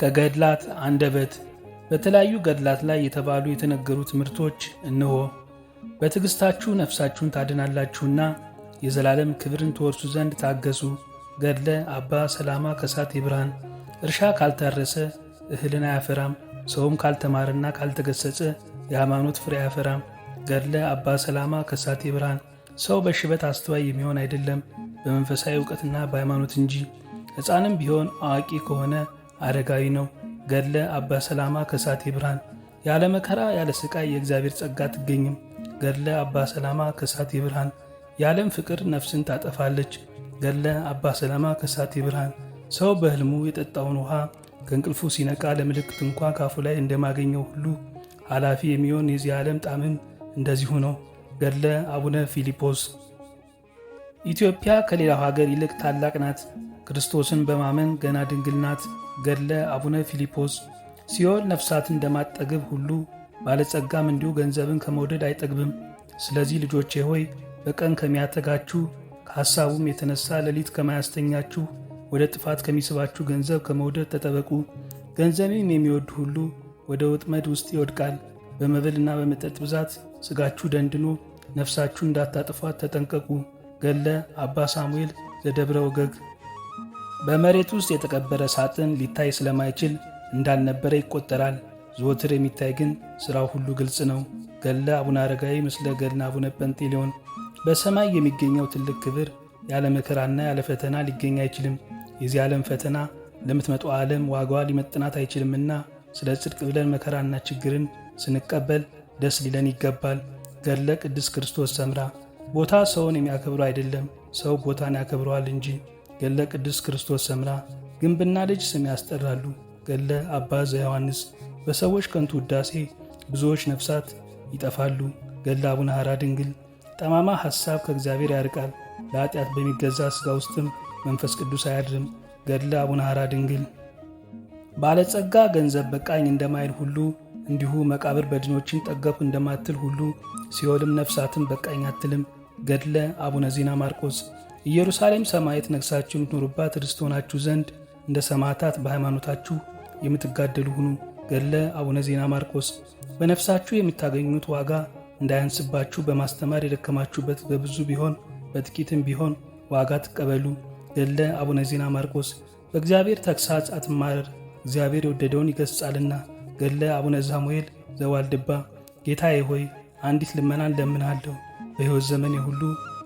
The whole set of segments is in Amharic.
ከገድላት አንደበት በተለያዩ ገድላት ላይ የተባሉ የተነገሩ ትምህርቶች እነሆ። በትዕግሥታችሁ ነፍሳችሁን ታድናላችሁና የዘላለም ክብርን ትወርሱ ዘንድ ታገሱ። ገድለ አባ ሰላማ ከሳቴ ብርሃን። እርሻ ካልታረሰ እህልን አያፈራም፣ ሰውም ካልተማረና ካልተገሰጸ የሃይማኖት ፍሬ አያፈራም። ገድለ አባ ሰላማ ከሳቴ ብርሃን። ሰው በሽበት አስተዋይ የሚሆን አይደለም በመንፈሳዊ እውቀትና በሃይማኖት እንጂ። ሕፃንም ቢሆን አዋቂ ከሆነ አረጋዊ ነው። ገድለ አባ ሰላማ ከሳቴ ብርሃን ያለ መከራ ያለ ስቃይ የእግዚአብሔር ጸጋ አትገኝም። ገድለ አባ ሰላማ ከሳቴ ብርሃን የዓለም ፍቅር ነፍስን ታጠፋለች። ገድለ አባ ሰላማ ከሳቴ ብርሃን ሰው በሕልሙ የጠጣውን ውሃ ከእንቅልፉ ሲነቃ ለምልክት እንኳ ካፉ ላይ እንደማገኘው ሁሉ ኃላፊ የሚሆን የዚህ ዓለም ጣምም እንደዚሁ ነው። ገድለ አቡነ ፊልጶስ ኢትዮጵያ ከሌላው ሀገር ይልቅ ታላቅ ናት። ክርስቶስን በማመን ገና ድንግልናት ገድለ አቡነ ፊልጶስ ሲኦል ነፍሳትን እንደማጠግብ ሁሉ ባለጸጋም እንዲሁ ገንዘብን ከመውደድ አይጠግብም። ስለዚህ ልጆቼ ሆይ በቀን ከሚያተጋችሁ ከሐሳቡም የተነሳ ሌሊት ከማያስተኛችሁ ወደ ጥፋት ከሚስባችሁ ገንዘብ ከመውደድ ተጠበቁ። ገንዘብም የሚወድ ሁሉ ወደ ወጥመድ ውስጥ ይወድቃል። በመብልና በመጠጥ ብዛት ሥጋችሁ ደንድኖ ነፍሳችሁ እንዳታጥፏት ተጠንቀቁ። ገድለ አባ ሳሙኤል ዘደብረ ወገግ በመሬት ውስጥ የተቀበረ ሳጥን ሊታይ ስለማይችል እንዳልነበረ ይቆጠራል። ዘወትር የሚታይ ግን ሥራው ሁሉ ግልጽ ነው። ገድለ አቡነ አረጋዊ ምስለ ገድለ አቡነ ጰንጤሊዮን። በሰማይ የሚገኘው ትልቅ ክብር ያለ መከራና ያለ ፈተና ሊገኝ አይችልም። የዚህ ዓለም ፈተና ለምትመጣው ዓለም ዋጋዋ ሊመጥናት አይችልምና ስለ ጽድቅ ብለን መከራና ችግርን ስንቀበል ደስ ሊለን ይገባል። ገድለ ቅዱስ ክርስቶስ ሰምራ። ቦታ ሰውን የሚያከብረው አይደለም፣ ሰው ቦታን ያከብረዋል እንጂ ገለ ቅዱስ ክርስቶስ ሰምራ ግንብና ልጅ ስም ያስጠራሉ። ገለ አባ ዘዮሐንስ በሰዎች ከንቱ ውዳሴ ብዙዎች ነፍሳት ይጠፋሉ። ገለ አቡነ ሐራ ድንግል ጠማማ ሐሳብ ከእግዚአብሔር ያርቃል፣ ለኃጢአት በሚገዛ ሥጋ ውስጥም መንፈስ ቅዱስ አያድርም። ገድለ አቡነ ሐራ ድንግል ባለጸጋ ገንዘብ በቃኝ እንደማይል ሁሉ እንዲሁ መቃብር በድኖችን ጠገብኩ እንደማትል ሁሉ ሲኦልም ነፍሳትን በቃኝ አትልም። ገድለ አቡነ ዜና ማርቆስ ኢየሩሳሌም ሰማየት ነግሳችሁ የምትኖሩባት ርስት ሆናችሁ ዘንድ እንደ ሰማዕታት በሃይማኖታችሁ የምትጋደሉ ሁኑ። ገድለ አቡነ ዜና ማርቆስ። በነፍሳችሁ የምታገኙት ዋጋ እንዳያንስባችሁ በማስተማር የደከማችሁበት በብዙ ቢሆን በጥቂትም ቢሆን ዋጋ ትቀበሉ። ገድለ አቡነ ዜና ማርቆስ። በእግዚአብሔር ተግሳጽ አትማረር፣ እግዚአብሔር የወደደውን ይገሥጻልና። ገድለ አቡነ ሳሙኤል ዘዋልድባ። ጌታዬ ሆይ አንዲት ልመናን ለምናለሁ፣ በሕይወት ዘመኔ ሁሉ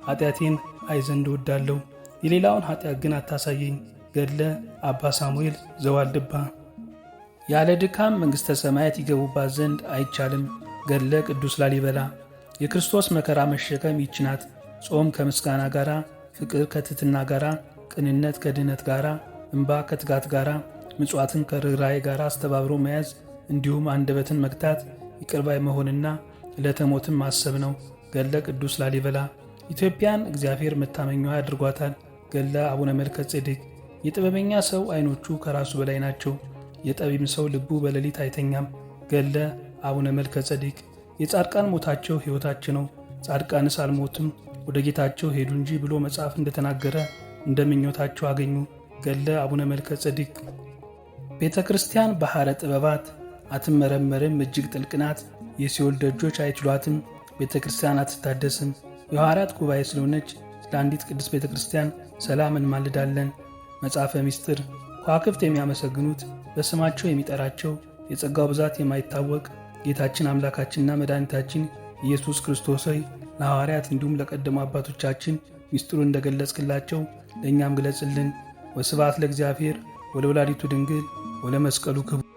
ኃጢአቴን አይ ዘንድ እወዳለሁ። የሌላውን ኃጢአት ግን አታሳየኝ። ገድለ አባ ሳሙኤል ዘዋልድባ። ያለ ድካም መንግሥተ ሰማያት ይገቡባት ዘንድ አይቻልም። ገድለ ቅዱስ ላሊበላ። የክርስቶስ መከራ መሸከም ይችናት። ናት። ጾም ከምስጋና ጋራ፣ ፍቅር ከትትና ጋራ፣ ቅንነት ከድህነት ጋራ፣ እንባ ከትጋት ጋራ፣ ምጽዋትን ከርኅራይ ጋራ አስተባብሮ መያዝ እንዲሁም አንደበትን መግታት ይቅርባይ መሆንና ለተሞትም ማሰብ ነው። ገድለ ቅዱስ ላሊበላ ኢትዮጵያን እግዚአብሔር መታመኛ አድርጓታል። ገድለ አቡነ መልከ ጼዴቅ። የጥበበኛ ሰው አይኖቹ ከራሱ በላይ ናቸው፣ የጠቢም ሰው ልቡ በሌሊት አይተኛም። ገድለ አቡነ መልከ ጼዴቅ። የጻድቃን ሞታቸው ሕይወታችን ነው፣ ጻድቃንስ አልሞትም ወደ ጌታቸው ሄዱ እንጂ ብሎ መጽሐፍ እንደተናገረ እንደ ምኞታቸው አገኙ። ገድለ አቡነ መልከ ጼዴቅ። ቤተ ክርስቲያን ባሕረ ጥበባት አትመረመርም፣ እጅግ ጥልቅ ናት። የሲኦል ደጆች አይችሏትም፣ ቤተ ክርስቲያን አትታደስም። የሐዋርያት ጉባኤ ስለሆነች ስለ አንዲት ቅድስት ቤተ ክርስቲያን ሰላም እንማልዳለን። መጽሐፈ ሚስጥር ከዋክብት የሚያመሰግኑት በስማቸው የሚጠራቸው የጸጋው ብዛት የማይታወቅ ጌታችን አምላካችንና መድኃኒታችን ኢየሱስ ክርስቶስ ሆይ ለሐዋርያት እንዲሁም ለቀደሙ አባቶቻችን ሚስጥሩ እንደገለጽክላቸው ለእኛም ግለጽልን። ወስብሐት ለእግዚአብሔር ወለወላዲቱ ድንግል ወለመስቀሉ ክቡር